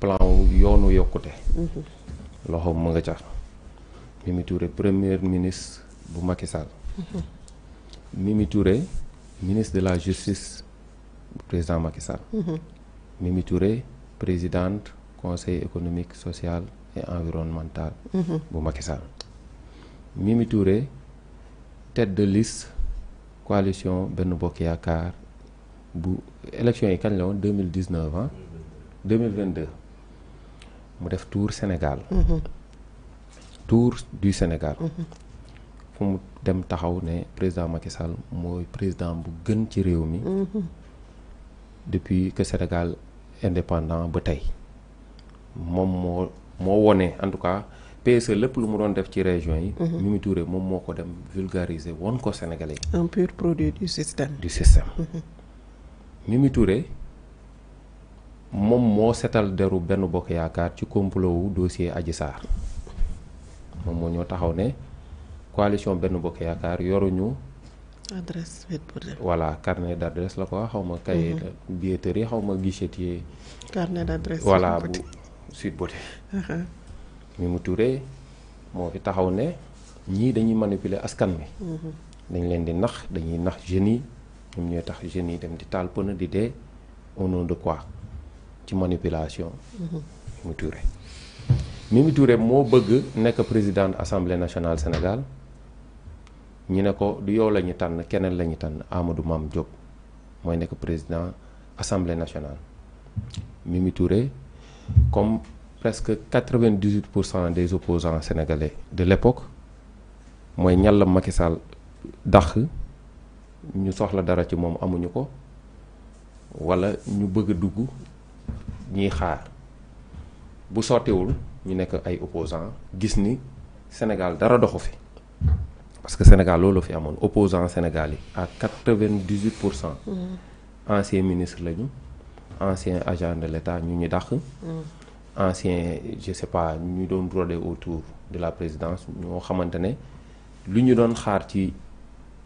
plan où yoonu yokkute. de. Mhm. un nga ca. Mimi Touré premier ministre bu Macky mhm. Mimi Touré ministre de la justice bu président Macky Sall. Mhm. Mimi Touré présidente conseil économique social et environnemental. bu Macky Sall. Mimi Touré tête de liste coalition Benno Bokk élection yi 2019. la mu def tour Sénégal. Mhm. tour du Sénégal. Mhm. fu mu dem taxaw ne président Macky Sall mooy président bu gën ci réew mi. Mhm. depuis que Sénégal indépendant ba tey moom moo moo wone en tout cas PSE lépp lu mu doon def ci région yi. Mimi Touré moom moo ko dem vulgariser won ko Sénégalais. un pur produit du système. du système Mimi Touré moom moo setal deru benn bokk yaakaar ci complot wu dossier Adji Sarr moom moo ñoo taxaw ne coalition benn bokk yaakaar yoruñu. adresse voilà carnet d' adresse la ko xaw ma. Mhm. cahier billetterie xaw ma guichetier. carnet d' adresse voilà bu Sweet Beauté. Mhm. Mimi moo fi taxaw ne ñii dañuy manipuler askan wi. Mhm. dañ leen di nax dañuy nax jeunes yi ñoom ñooy tax jeunes yi dem di taal pënë di dee au de quoi. de manipulation. Mimi Touré Mimi Touré moo bëgg nekk président assemblée nationale Sénégal Nous ne ko du yow la ñu tànn keneen la ñu tànn Amadou Mame Diop mooy président assemblée nationale. Mimi Touré comme presque 98% des opposants sénégalais de l'époque mooy ñàll Macky Sall dàq ñu soxla dara ci moom amuñu ko wala ñu bëgg dugg xaar bu ñu nekk ay opposants gis ni Sénégal dara doxu fi parce que Sénégal loolu fi opposants Sénégal à 98% pour mm. anciens ministres lañu anciens agents de l'État ñu ñu mm. anciens je sais pas ñu autour de la présidence Nous xamante lu ñu doon xaar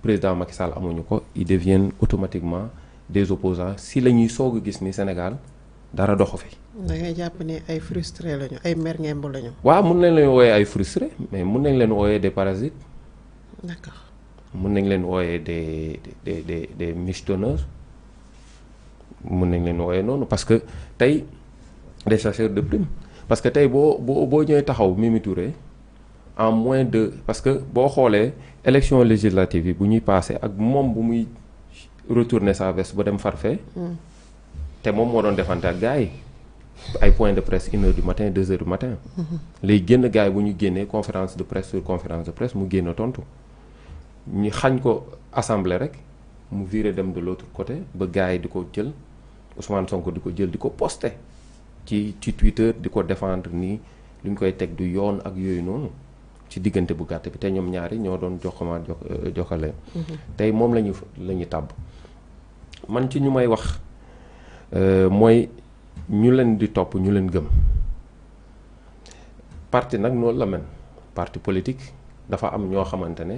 président ils deviennent automatiquement des opposants si lañuy soog Sénégal dara doxu fi. da ngay jàpp ne ay frustré lañu ay mer ngemb lañu. waaw mun nañ leen wooyee ay frustré mais mun nañ leen wooyee des parasites. d'accord mun nañ leen wooyee des des des des michetonneurs mun nañ leen wooyee noonu parce que tey des chasseurs de primes parce que tey boo boo boo ñëwee taxaw Mimi Touré en moins de parce que boo xoolee élection législative yi bu ñuy passé ak moom bu muy retourner sa veste ba dem farfee hmm te moom moo doon defante ak gars yi ay point de presse une heure du matin deux heures du matin. Mhm. lay génn gars yi bu ñu génnee conférence de presse sur conférence de presse mu génn tontu ñu xañ ko assemblée rek mu viré dem de l' autre côté ba gars yi di ko jël Ousmane Sonko di ko jël di ko posté ci ci Twitter di ko défendre ni li ñu koy teg du yoon ak yooyu noonu ci diggante bu gàtt bi te ñoom ñaari ñoo doon joxama jox euh, joxale. Mhm. tey moom la ñu la ñu tàbb man ci ñu may wax. Euh, mooy ñu leen di topp ñu leen gëm parti nag noonu la mel parti politique dafa am ñoo xamante ne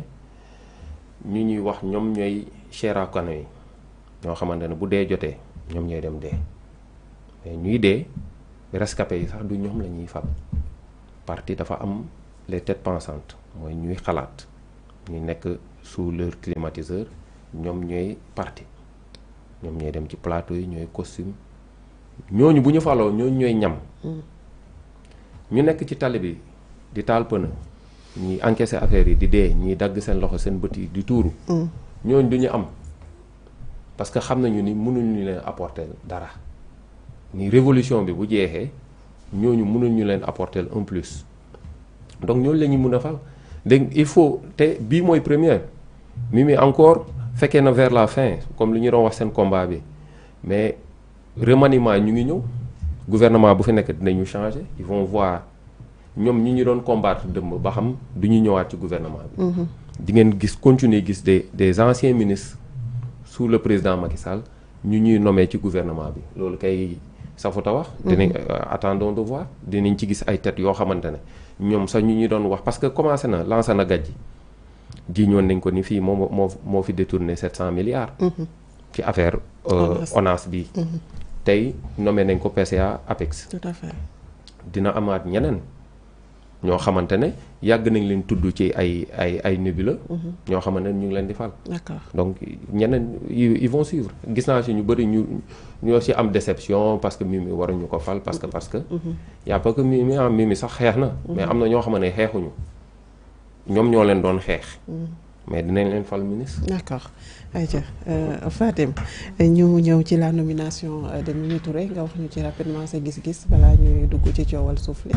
ñu ñuy wax ñoom ñooy cherakano yi ñoo xamante ne bu dee jotee ñoom ñooy dem dee mais ñuy dee rescapé yi sax du ñoom la ñuy fal parti dafa am les têtes pensantes mooy ñuy xalaat ñu nekk sous leur climatiseur ñoom ñooy parti ñoom ñooy dem ci plateau yi ñoy costume ñooñu buñu ñu faloo ñoy ñooy ñam mm. ñu nekk ci tali di taal ñi ñuy encaisser affaire yi di dé ñi dagg sen loxo sen beuti di touru mm. ñooñu du ñu am parce que xamnañu nañu ni mënuñu leen apporter dara ni révolution bi bu jeexee ñooñu mënuñu leen apporter un plus donc ñooñu lañu mëna mën a fal dégg il faut té bi moy première mi mi encore en na vers la fin comme li ñu ron wax sen combat bi mais remaniement ñu ngi ñëw gouvernement bu fi nek dinañu changer ils vont voir ñom ñi ñu doon combattre dëmb ba xam du ñëwaat ci gouvernement bi. Mhm. di ngeen gis continuer gis des des anciens ministres sous le président Macky Sall ñu ñuy nommé ci gouvernement bi loolu kay safuta wax. Mhm. dinañ euh, attendons de voir dinañ ci gis ay têtes yo xamante ñom sa ñu ñuy wax parce que commencé na lancé na gadji jiiñoon nañ ko ni fi mo mo moo fi détourner 700 milliards. Mm-hmm. ci affaire euh, ONAS bi. Mm-hmm. tay nommé nañ ko PCA APEX. tout à fait dina amaat ñenen ñoo xamantene yag nañ leen tuddu ci ay ay ay nébula. Mm-hmm. ñoo xamantene ñu ngi leen di fal. d'accord donc ñenen ils vont suivre gis na ci ñu bari ñu ñu si am déception parce que Mimi waruñu ko fal parce que parce que. y a pas que Mimi ah Mimi sax xeex na. mais am na ñoo xamante ne ñoom ñoo leen doon xeex. Mm. mais dinañ leen fal ministre. d'accord ayca euh, Fatim ñu ñëw ci la nomination euh, de Mimi Touré nga wax ñu ci rapidement sa gis-gis balaa ñuy dugg ci coowal suuf li.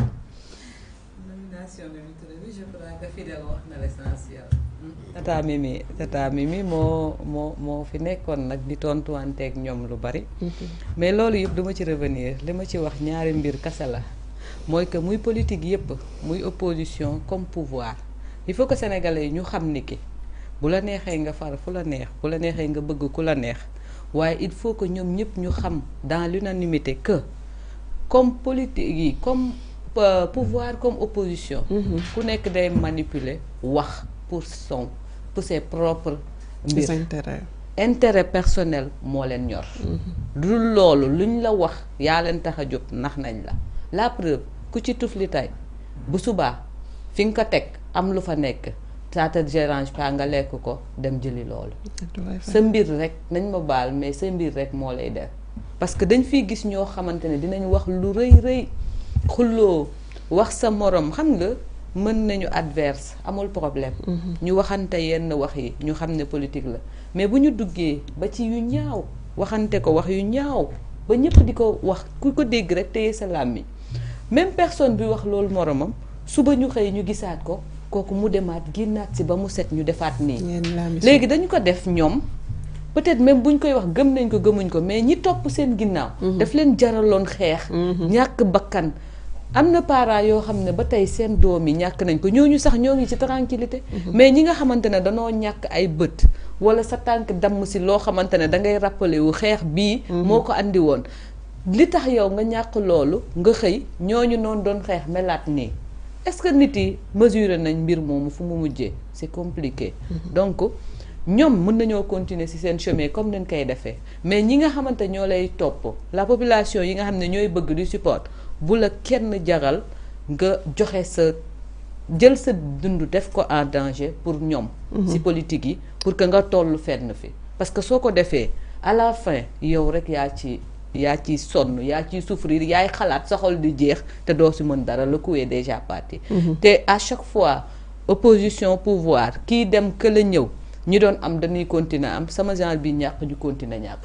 nomination de Mimi Touré bi je crois que Fidèle wax na l'essentiel. Mm. tata Mimi tata Mimi moo moo moo fi nekkoon nag di tontuwanteeg ñoom lu bari. Mm-hmm. mais loolu yëpp duma ci revenir li ma ci wax ñaari mbir kese la mooy que muy politique yëpp muy opposition comme pouvoir. il faut que sénégalais yi ñu xam ni ki bu la neexee nga far fu la neex bu la neexee nga bëgg ku la neex waaye il faut que ñoom ñëpp ñu xam dans l'unanimité que comme politique yi comme euh, pouvoir mm-hmm. comme opposition mm-hmm. ku nekk day manipuler wax pour son pour ses propres mbir intérêt personnel moo leen ñor mm-hmm. du loolu luñ la wax yaa leen tax a jóg nax nañ la la preuve ku ci tufli tay bu subaa fi nga ko teg am lu fa nekk ça te dérange pas nga lekk ko dem jëli loolu sa mbir rek nañ ma baal mais sa mbir rek moo lay def parce que dañ fi gis ñoo xamante ne dinañu wax lu rëy rëy xuloo wax sa moroom xam nga mën nañu adverse amul problème mhm. ñu waxante yenn wax yi ñu xam ne politique la mais bu ñu duggee ba ci yu ñaaw waxante ko wax yu ñaaw ba ñëpp di ko wax ku ko dégg rek téye sa làmmiñ même personne bi wax loolu moroomam suba ñu xëy ñu gisaat ko kooku mu demaat génnaat si ba mu set ñu defaat nii léegi dañu ko def ñoom peut-être même buñ koy wax gëm nañ ko gëmuñ ko mais ñi topp seen ginnaaw mhm. daf leen jaraloon xeex mhm. ñàkk bakkan am na parents yoo xam ne ba tey seen doom yi ñàkk nañ ko ñooñu sax ñoo ngi ci tranquillité mhm. mais ñi nga xamante ne danoo ñàkk ay bët wala sa tànk damm si loo xamante ne da ngay rappelé wu xeex bii moo ko indi woon li tax yow nga ñàkk loolu nga xëy ñooñu noonu doon xeex melaat nii est-ce que nous mesurer une de la c'est compliqué mhm. donc nous, continuer ci chemin comme nous l'avons fait. mais nous nga que la population nous nga un du support Vous la kenn jaral nga sa jël sa def en danger pour nous, mhm. ci politique yi pour que nga faire ne fi parce que ce fait, à la fin yow rek yaa ya ci sonn ya ci souffrir yaay xalaat saxol xol di jeex te doo si mën dara le coup est déjà parti. Mhm. te à chaque fois opposition pouvoir kii dem kële ñëw ñu doon am dañuy continuer am sama genre bi ñàkk ñu continuer ñàkk.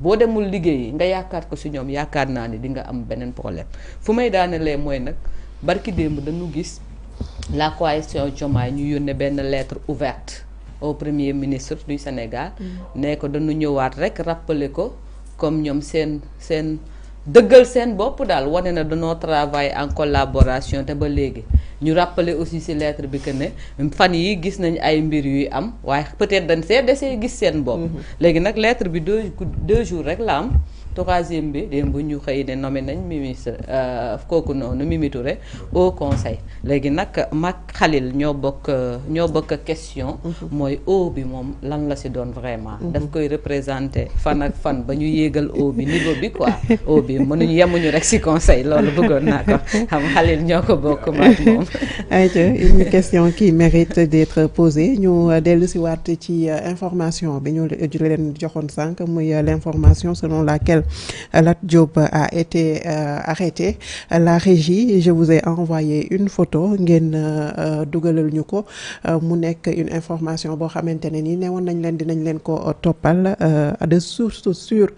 boo demul liggéeyi nga yaakaar ko si ñoom yaakaar naa ni di nga am beneen problème fu may daanelee mooy nag barki démb dañu gis la coalition Diomaye ñu yónnee benn lettre ouverte au premier ministre du Sénégal. Mhm. ne ko dañu ñëwaat rek rappeler ko comme ñom sen sen deugal sen bop dal wane na danoo travail en collaboration te ba légui ñu rappeler aussi ci lettre bi que ne fan yi gis nañ ay mbir yuy am waye peut-être dañ sé desee gis sen bop mm-hmm. légui nak lettre bi deux deux jours rek la am troisième bi démb ñu xëy ne nommé nañ ministre euh, kooku noonu Mimi Touré au conseil légui nak mag Khalil ño bok ño bok question. moy mhm. haut bi mom lan la ci doon vraiment. Mhm. daf koy représenter fan ak fan ba ñu yéegal haut bi niveau bi quoi haut bi mënu mënuñu yemuñu rek ci conseil lolu bëggon naa ko xam Khalil ño ko bok mag mom ayte une question qui mérite d'être posée ñu delu ci wat euh, ci information bi ñu leen joxone sank muy euh, l'information selon laquelle Lat Job a été euh, arrêté la régie je vous ai envoyé une photo ngeen euh, euh, Dougal ñu ko mu nekk une information boo xamante ne nii newoon nañ leen dinañ leen ko toppal de source sûre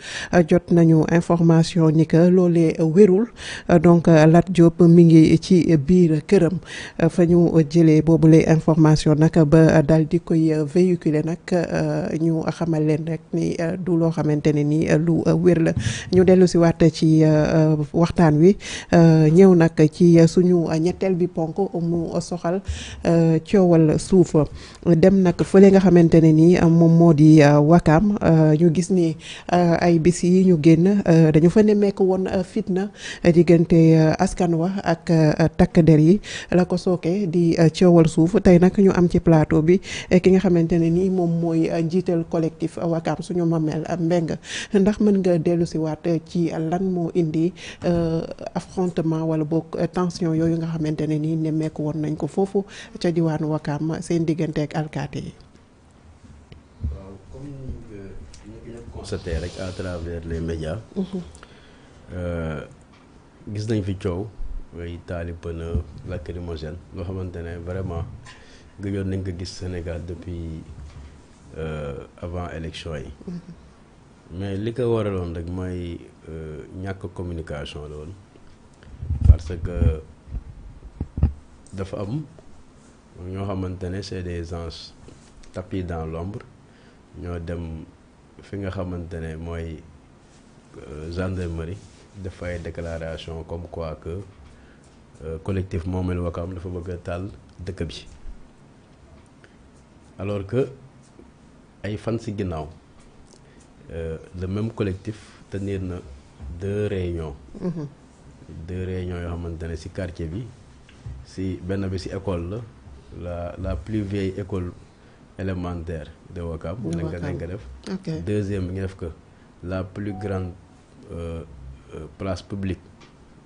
jot nañu information ni que loolee wérul donc Lat Job, Mingi, ngi ci biir këram fa ñu jëlee boobule information nag ba daal di koy véhiculer Nak, ñu xamal leen rek ni du loo xamante ne nii lu wér ñu dellu si waat ci euh, waxtaan wi euh, ñëw nag ci suñu ñetteel bi ponk mu soxal euh, coowal suufa dem nag fële nga xamante ne ni moom moo di wakaam ñu gis ni ay bis yi ñu génn dañu fa nemmeeku woon fitna diggante askan wa ak takk der yi la di coowal suuf tey nag ñu am ci plateau bi ki nga xamante ne ni moom mooy njiital collectif wakaam suñu mameel mbeng ndax mën nga dellu si waat euh, ci lan mo indi euh, affrontement wala bok euh, tension yoyu nga xamantene ne nii nañ ko fofu. ci seen ak comme à travers les médias. Mhm. gis nañ lacrymogène vraiment Sénégal depuis avant élection mhm mais li ko waraloon rek mooy euh, ñàkk communication la woon parce que dafa am ñoo xamante ne c'est des gens tapis dans l'ombre ñoo dem fi nga xamante ne mooy euh, gendarmerie dafay déclaration comme quoi que euh, collectif Moomel Wakaam dafa bëgg a taal dëkk bi alors que ay fan si ginnaaw euh, le même collectif tenir deux réunions. Mhm. deux réunions yo xamantene ci quartier bi ci benn ci école la la plus vieille école élémentaire de Wakam. deuxième def que la plus grande euh, euh, place publique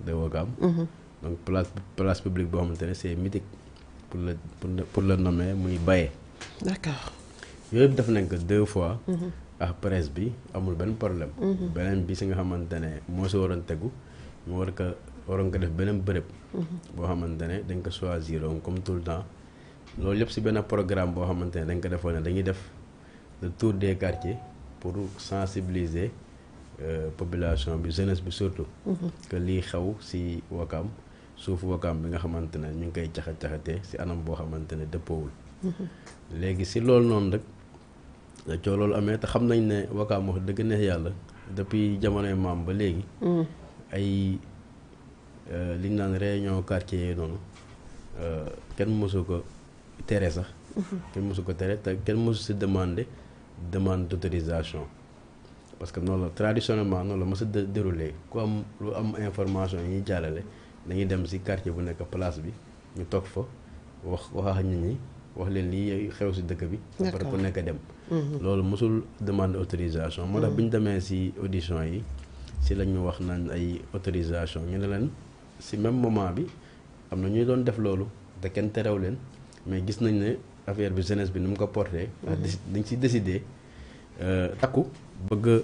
de Wakam. Mhm. donc place place publique bo xamantene c'est mythique pour le pour nommer muy Baye. d'accord Il def nañ ko deux fois. Mhm. ah presse bi amul benn problème. Mhm. beneen bi si nga xamante ne moo si waroon tegu mu war ko waroon ko def beneen bërëb. Mhm. boo xamante ne dañ ko choisir comme tout le temps loolu yëpp si benn programme boo xamante ne dañ ko defoon ne dañuy def le tour des quartiers pour sensibiliser euh, population bi jeunesse bi surtout. Mhm. que lii xew si Wakaam suufu Wakaam bi nga xamante ne ñu ngi koy caxa caxatee si anam boo xamante ne dëppoowul. léegi si loolu noonu rek. coo loolu amee te xam nañ ne wakaam wax dëgg neex yàlla depuis jamonoy maam ba léegi mm. ay euh, li ñu naan réunion quartier yooyu noonu euh, kenn mosu ko tere sax mm-hmm. kenn mosu ko tere te kenn mosu si demander demande d'autorisation parce que noonu la traditionnellement noonu la mos a déroulé ku am lu am information yi ñuy jàllale dañuy dem si quartier bu nekk place bi ñu toog fa wax waxaa nit ñi wax leen lii xew si dëkk bi. après ku nekk dem. Mhm. loolu mosul demande autorisation. moo tax mhm. bi ñu demee si audition yi si la ñu wax naan ay autorisation ñu ne leen si même moment bi am na ñuy doon def loolu te kenn terew leen mais gis nañ ne affaire bi jeunesse bi ni mu ko porté. Mhm. dañ si décidé euh, takku. bëgg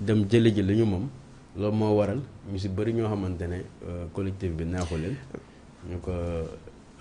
dem jëli ji li ñu moom loolu moo waral ñu si bëri ñoo xamante ne euh, collectif bi neexu ñu ko.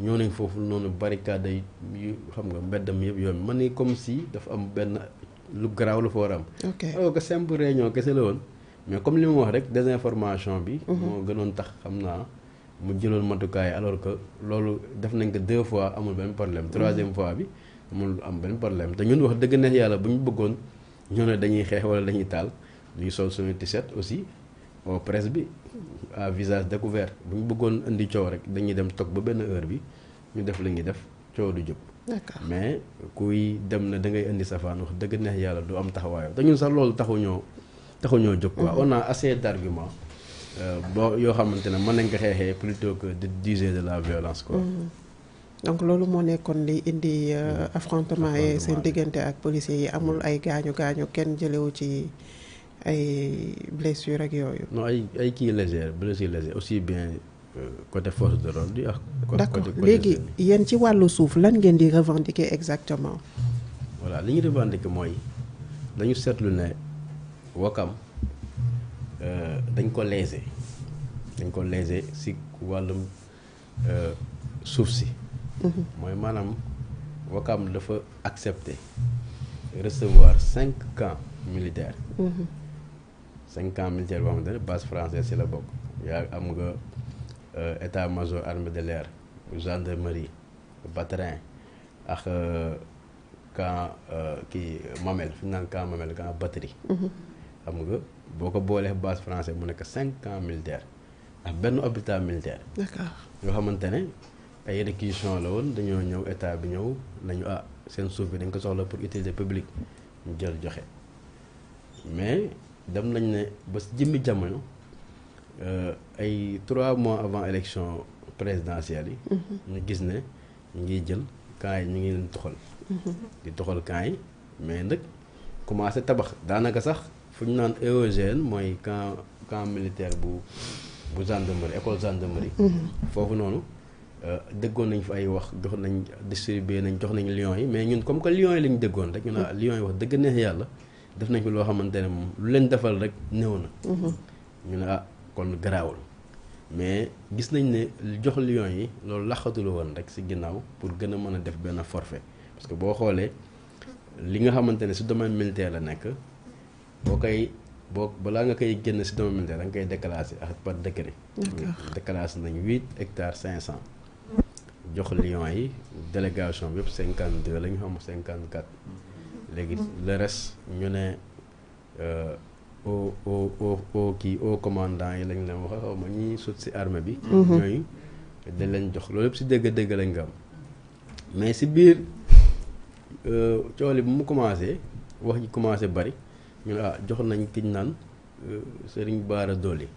ñoo nañ foofu noonu barricade yu xam nga mbeddam yëpp yoon man ni comme si dafa am benn lu garaaw lu fa war a am. ok alors ah, que simple réunion kese la woon. mais comme li mu wax rek désinformation bi. Mhm. moo gënoon tax xam naa mu jëloon matukaay alors que loolu def nañ ko deux fois amul benn problème mhm. troisième fois bi amul am benn problème te ñun wax dëgg neex yàlla bu ñu bëggoon ñoo ne dañuy xeex wala dañuy taal ñu ngi sol suñu t-shirt aussi. bon presse bi à visage découvert bu ñu bëggoon indi coow rek dañuy dem toog ba benn heure bi ñu def la ñuy def coow du jub mais kuy dem na da ngay indi safaan wax dëgg neex yàlla du am taxawaayam te ñun sax loolu taxu ñoo taxu ñoo jóg quoi mm-hmm. assez d'arguments euh, boo yoo xamante ne mën nañ ko xeexee plutôt que de d'user de la violence ko mm-hmm. donc loolu moo nekkoon li indi euh, mm-hmm. affrontement yi seen diggante ak policiers yi amul ay gaañu gaañu kenn jëlewu ci ay blessure ak yooyu. non ay ay kii légère blessure légère aussi bien euh, côté force de d'accord léegi yéen ci wàllu suuf lan ngeen di revendiquer exactement. voilà li revendiquer mooy dañu seetlu Wakam euh, dañ ko léser dañ ko léser euh, si wàllum mhm. si. mooy maanaam Wakam dafa accepter recevoir cinq camps militaires. Mhm. cinq camp militaire boo xamante ne base française ci la bokk yaa am nga euh, état major armée de l'air gendarmerie batrin ak euh, camp euh, kii mamel fi ñu naan mamel camp batterie xam mm-hmm. nga boo ko boolee base française mu nekk cinq camp militaire ak benn hôpital militaire yoo xamante ne ay réquisition la woon dañoo ñëw état bi ñëw nañu ah seen suuf bi dañ ko soxla pour utilité publique ñu jël joxe mais dem nañ ne ba jëmmi jamono euh, ay trois mois avant élection présidentielle yi. Mhm. ñu gis ne ñu ngi jël camp yi ñu ngi leen toxal. Mhm. di toxal camp yi mais nag commencé tabax daanaka sax fu ñu naan EOGN mooy camp camp militaire bu bu gendarmerie école gendarmerie. Mhm. foofu noonu. Euh, déggoon nañ fa ay wax jox nañ distribué nañ jox nañ lions yi mais ñun comme que lions yi lañ déggoon rek ñu naan lions yi wax dëgg neex yàlla. def nañ fi loo xamante ne lu leen defal rek néew na. ñu ne ah kon garaawul mais gis nañ ne jox lion yi loolu laxatul woon rek si ginnaaw pour gën a mën a def benn forfait parce que boo xoolee li nga xamante ne si domaine militaire la nekk boo koy boo balaa nga koy génn si domaine militaire da nga koy déclassé ak par décret. déclassé nañ huit hectares cinq cent. jox lion yi délégation bi yëpp cinquante deux la xam cinquante quatre. léegi le reste ñu ne euh, au au au au kii au commandant yi lañ leen wax xaw ma ñuy sut si armée bi. Mhm. ñooy dañ leen jox loolu yëpp si dégg-dégg lañ nga am mais si biir euh, cooli bu mu commencé wax ji commencé bari ñu ne ah jox nañ kiñ naan euh, Sëriñ Baara Doole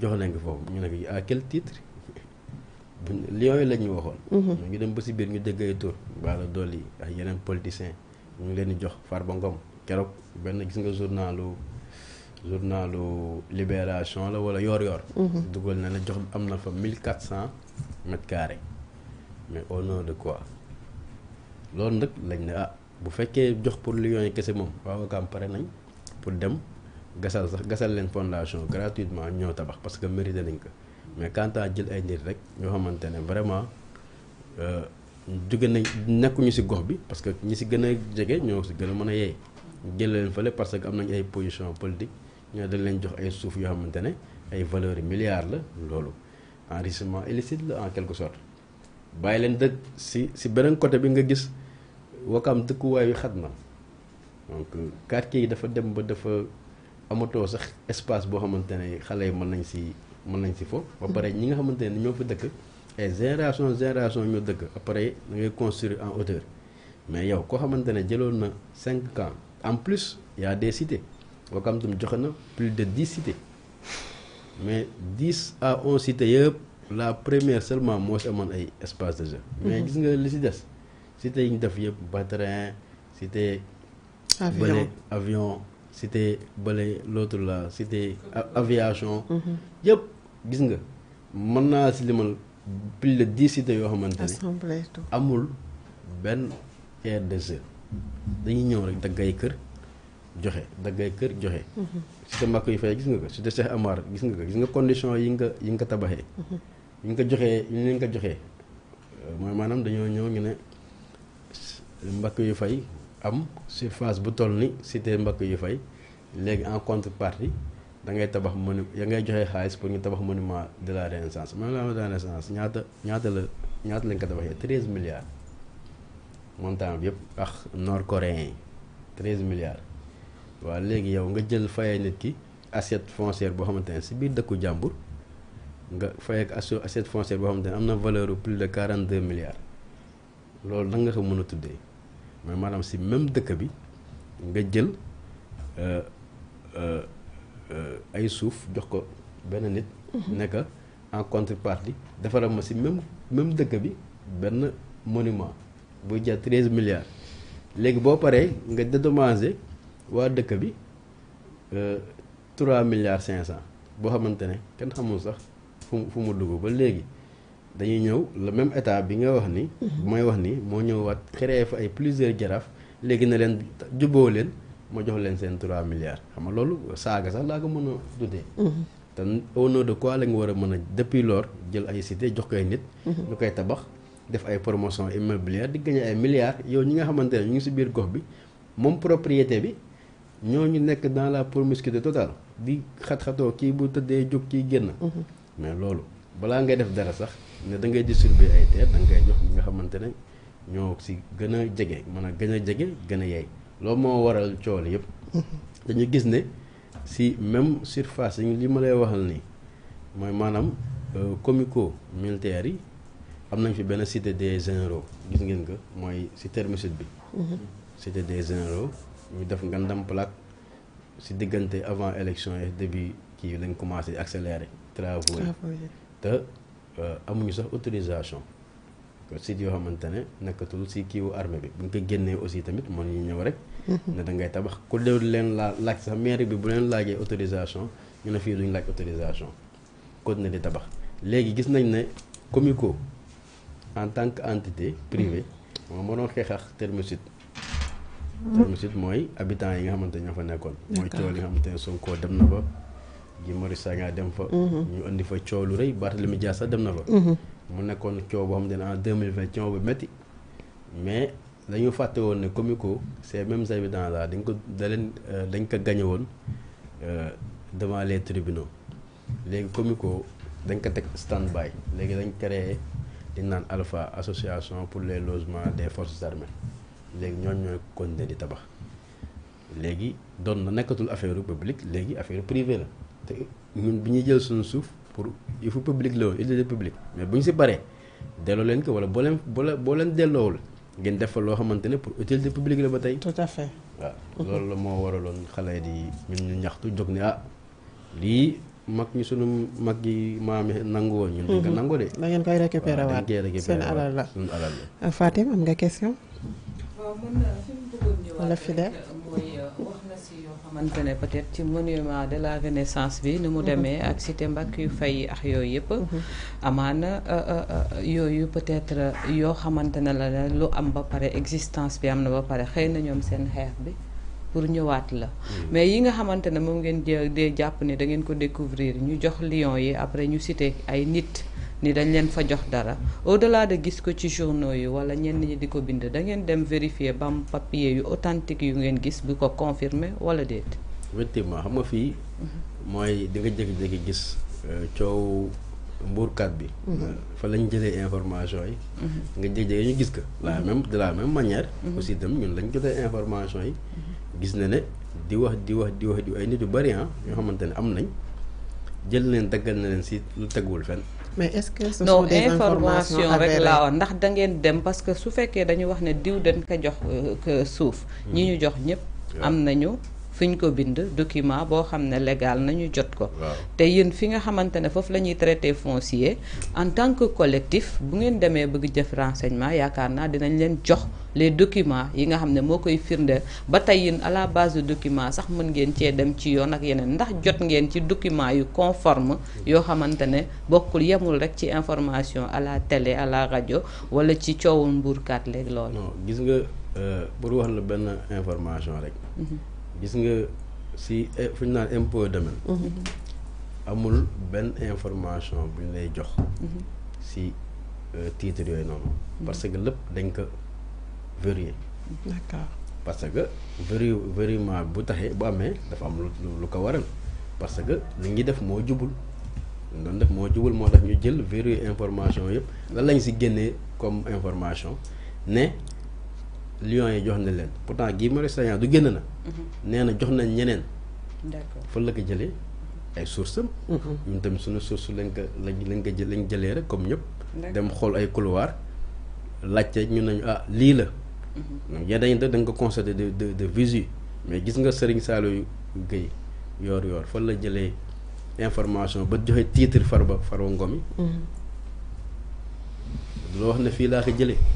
jox nañ ko foofu ñu ne ko à quel titre. lion yi lañ ñu waxoon. Mhm. ñu ngi dem ba si biir ñu dégg ay tur Baara Doole yi ak yeneen politiciens. ñu ngi leen di jox Farba Ngom keroog benn gis nga journalu journalu Libération la wala Yoor Yoor. Mhm. dugal na ne jox am na fa 1400 mètres carrés mais au nom de quoi loolu nag lañ ne ah bu fekkee jox pour Lions yi kese moom waaw Wakaam pare nañ pour dem gasal sax gasal leen fondation gratuitement ñoo tabax parce que mérité nañ ko mais quant jël ay nit rek ñoo xamante ne vraiment. Euh, jóge nañ nekkuñu si gox bi parce que ñi si gën a jege ñoo si gën a mën a yey jël leen fële parce que am nañ ay position politique ñoo dañ leen jox ay suuf yoo xamante ne ay valeurs milliards la loolu enrichissement illicite la en quelque sorte bàyyi leen dëkk si si beneen côté bi nga gis Wakaam dëkkuwaay wi xat na donc quartier yi dafa dem ba dafa amatoo sax espace boo xamante ne xale yi mën nañ si mën nañ si fo ba pare ñi nga xamante ne ñoo fi dëkk à eh, génération génération ñu dëgg après da ngay construire en hauteur mais yow ko xamante ne na 5 ans en plus il y a des cités boo xam tam plus de 10 cités mais 10 à 11 cités la première seulement moo si ay espace de jeu mais gis nga li si des cité yi ñu def yëpp batrain cité avion balai, avion cité bële l' autre là cité aviation mhm. yëpp gis nga mën si limal plus de dix cités yoo xamante ne amul benn aire de jeu dañuy ñëw rek daggay kër joxe daggay kër joxe mhm. cité Mbacke yu fay gis nga ko cité Cheikh Amar gis nga ko gis nga condition yi nga yi nga tabaxee mhm. yi nga ko joxee euh, yi leen ko joxee mooy maanaam dañoo ñëw ñu ne Mbacke yu fay am surface bu toll ni cité Mbacke yu fay léegi en contrepartie da ngay tabax mënu ya ngay joxe xaalis pour ñu tabax monument de la renaissance monument de la renaissance ñaata ñaata la ñaata lañ ko tabaxee treize milliards montant bi yëpp ak ah, noor coréen yi treize milliards waaw léegi yow nga jël fayee nit ki assiette foncière boo xamante ne si biir dëkku jàmbur nga fayee ak assiette foncière boo xamante am na valeur bu plus de quarante deux milliards loolu da nga ko mën a tuddee mais maanaam si même dëkk bi nga jël. Euh, euh, Euh, ay suuf jox ko benn nit. Mhm. nekk en contrepartie defaral ma si même même dëkk bi benn monument buy jar treize milliards. léegi boo paree nga dédommager waa dëkk bi euh, trois milliards cinq cent boo xamante ne kenn xamul sax fu mu fu mu dugg ba léegi. dañuy ñëw le même état bi nga wax ni. Mhm. mooy wax ni moo ñëwaat créé fa ay plusieurs jaraaf léegi na leen juboo leen. ma jox leen seen 3 milliards xam nga loolu saaga sax laa ko mën a tuddee. Mhm. te au nom de quoi la nga war a mën a depuis lors jël ay cité jox koy nit. Mhm. koy tabax def ay promotion immobilière di gagné ay milliards yow ñi nga xamante ne ñu ngi si biir gox bi moom propriété bi ñooñu nekk dans la promiscuité totale di xat-xatoo kii bu tëddee jóg kii génn. Mhm. mais loolu balaa ngay def dara sax ne da ngay distribuer ay terres da ngay jox ñi nga xamante ne ñoo si gën a jege mën a gën a jege gën a yey. loolu moo waral coono yëpp. dañu gis ne si même surface yi li ma lay waxal nii mooy maanaam euh, comico militaire yi am nañ fi benn cité des généraux gis ngeen ko mooy si termisit bi. cité des généraux ñu def ngandam plaque si diggante avant élection et début kii lañ commencé accélérer travaux yi te euh, amuñu sax autorisation. site yoo xamante ne nekkatul si kiiwu armée bi bu ñu ko génnee aussi tamit mën ñu ñëw rek mhm. ne da ngay tabax ku dee leen laa laaj sax mairie bi bu leen laajee autorisation ñu ne fii duñ laaj autorisation kon na di tabax léegi gis nañ ne Comico en tant que entité privée mhm. moom moo doon xeexax Thermosit Thermosit mooy habitants yi nga xamante ñoo fa nekkoon mooy coow li nga xamante ne dem na fa Guy saa Sagna dem fa mhm. ñu indi fa coow lu rëy Barthélémy Dias sax dem na fa mu nekkoon coow boo xam ne en deux mille vingt coow bu métti mais dañu fàtte woon ne Comico ces mêmes habitants là dañ ko da leen euh, dañ ko gagné woon euh, devant les tribunaux léegi Comico dañ ko teg stand by léegi dañ créé di naan Alpha association pour les logements des forces armées léegi ñooñ ñooy continuer di tabax léegi doon na nekkatul affaire publique léegi affaire privée la te ñun bi ñuy jël suñu suuf. pour yëfu public la woon utilité publique mais bu ñu si baree delloo leen ko wala boo leen boo leen boo leen delloowul ngeen def fa loo xamante ne pour utilité publique la ba tey. tout à fait. waaw loolu la moo waraloon xale di ñun ñu ñaxtu jóg ne ah lii mag ñi sunu mag yi maam yi nangu woon ñun dañ ko mhm. nangu de. da ngeen koy récupérer waat seen alal la seen alal la. Euh, Fatim am nga question. waaw man xamante ne peut-être ci monument de la renaissance bi ni mu mhm. demee ak cité mbak yu fay ak yooyu yëpp mhm. amaana euh, euh, euh, yooyu peut-être yoo xamante ne la lu am ba pare existence bi am na ba pare xëy na ñoom seen xeex bi pour ñëwaat la mm. mais yi nga xamante ne moom ngeen dee jàpp ne da ngeen ko découvrir ñu jox lion yi après ñu cité ay nit ni dañ leen fa jox dara au delà de gis ko ci journaux yi wala ñenn ñi di ko bind da ngeen dem vérifier ba am papier yu authentique yu ngeen gis bu ko confirmer wala déet. effectivement xam nga fii. Mhm. mooy danga nga jékki gis euh, coow mbuurkat bi. Mhm. Euh, fa lañ jëlee information yi. Mhm. nga jékki-jékki ñu gis ko. la même de la même manière. aussi dem ñun lañ jotee information yi. gis na ne di wax di wax di wax di ay nit yu bari ah yoo xamante ne am nañ jël leen daggal na leen si lu teguwul fenn. mais est-ce que ce sont des informations non information rek laa wax ndax da ngeen dem parce que su fekkee dañu wax ne diw dañ ko jox euh, suuf. ñi ñu jox ñëpp am nañu. fi ñu ko bind document boo xam ne légal nañu jot ko te yéen fi nga xamante ne foofu la ñuy traité foncier en tant que collectif bu ngeen demee bëgg jëf renseignement yaakaar naa dinañ leen jox les documents yi nga xam ne moo koy firnde ba tey yéen à la base de sax mën ngeen cee dem ci yoon ak yeneen ndax jot ngeen ci documents yu conforme yoo xamante ne bokkul yemul rek ci information à la télé à la rajo wala ci coowu mbuurkaat léegi loolu non gis nga euh, pour wax la benn information gis nga si eh, fu ñu naan impôt domaine mm-hmm. amul benn information bu ñu lay jox mm-hmm. si euh, titre yooyu noonu mm-hmm. parce que lépp dañ ko vérifier d'accord parce que véri vérifiement bu taxee bu amee dafa am lu ko waral parce que li ngi def moo jubul lu doon def moo jubul moo tax ñu jël vérifier information yëpp lan lañ si génnee comme information ne Lions yi jox na leen pourtant Guy Marius Sagna du génn na. Mhm. nee na jox nañ ñeneen. d'accord la ko jëlee mhm. ay sources am. Mhm. ñun tamit suñu source lañ ko lañ lañ ko lañ jëlee rek comme ñëpp. dem xool ay couloir laajte ñu nañu ah lii la. yéen dañuy da ko constaté de de de visu mais gis nga Serigne Saliou Guèye yor-yor fa la jële information ba joxe titre Farba Farba Ngom yi. loo wax ne fii laa ko jëlee.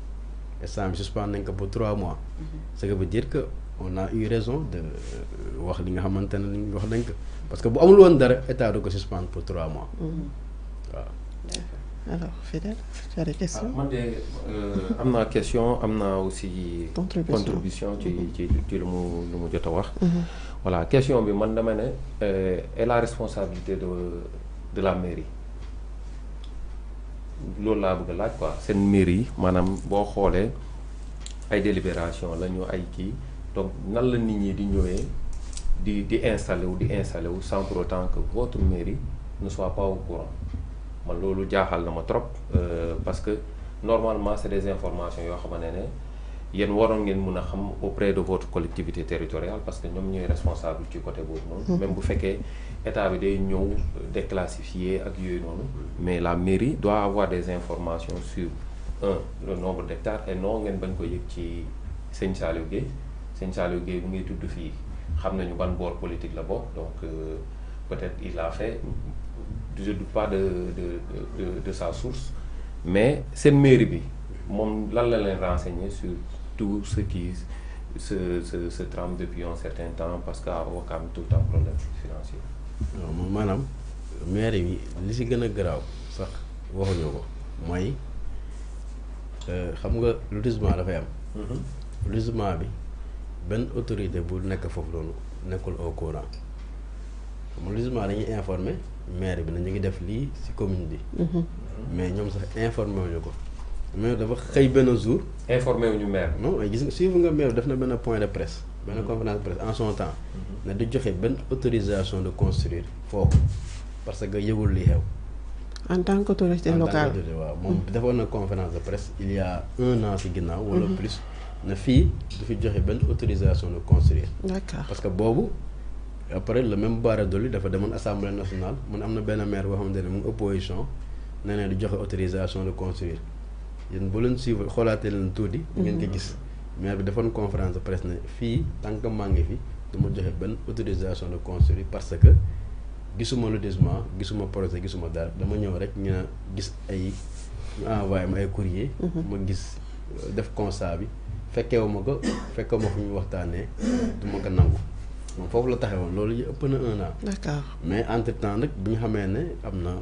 instant suspend nañ pour ba trois mois mhm. ce qui veut dire que on a eu raison de euh, wax li nga xamante ne wax parce que bu amul woon dara état du ko pour trois mois voilà. Mhm. alors Fidel, tu as des questions ah, man de euh, question j'ai aussi aussi contribution ci mhm. ci ci lu mu lu mu voilà question bi man dama euh, est la responsabilité de de la mairie loolu laa bëgg a laaj quoi seen mairie yi maanaam boo xoolee ay délibération la ñu ay kii donc nan la nit ñi di ñëwee di di installé wu di installé wu sans pour autant que votre mairie ne soit pas au courant man loolu jaaxal na ma trop euh, parce que normalement c'est des informations yoo xamante ne yéen waroon ngeen mun a xam auprès de votre collectivité territoriale parce que ñoom ñooy responsable du côté boobu noonu mm-hmm. même bu fekkee état bi day ñëw ak mm-hmm. mais la mairie doit avoir des informations sur le nombre d'hectares et non ngeen bonne ko qui ci sëñ Saliou Guèye sëñ Saliou Guèye bu ngay tudd nous xam nañu ban politique là-bas, donc euh, peut-être il l'a fait je ne doute pas de de de de sa source mais la mairie bi moom lan renseigner sur tout ce qui se se trame depuis un certain temps parce qu'il y a tout un problème financier. non maanaam maire yi li si gën a garaaw sax waxuñu ko mooy euh, xam nga lotissement dafay am. Mm-hmm. lotissement bi benn autorité bu nekk foofu noonu nekkul au courant xam lotissement dañuy informer maire bi na ñu ngi def lii si commune bi. Mm-hmm. mais ñoom sax informé wuñu ko. mais dafa xëy benn jour. informé wuñu maire. non gis nga suivre nga maire def na benn point de presse. benn conférence de presse en son temps ne du joxe ben autorisation de construire foofu parce que yëgul li xew. en tant que autorité locale waaw moom mm-hmm. defoon na conférence de presse il y a un an si ginnaw wala mm-hmm. plus na fi du fi joxe ben autorisation de construire. d'accord parce que bobu après le même Bara Dolly dafa demone assemblée nationale mon amna ben maire boo xamante ne opposition ne na du joxe autorisation de construire yéen bu leen suivre xoolaatee leen tuuti. ngeen ko mm-hmm. gis maire bi defoon conférence de presse ne fii tant que maa ngi fi dama joxe benn autorisation de construire parce que gisuma lotissement gisuma projet gisuma dara dama ñëw rek ñu gis ay ñu envoyé ma ay courrier mhm. ma gis def constat bi fekkeewu ma ko fekkeewu ma fu ñu waxtaanee du ma ko nangu moom foofu la taxawoon loolu yi ëpp na un an. d'accord mais entre temps nag bi ñu xamee ne am na.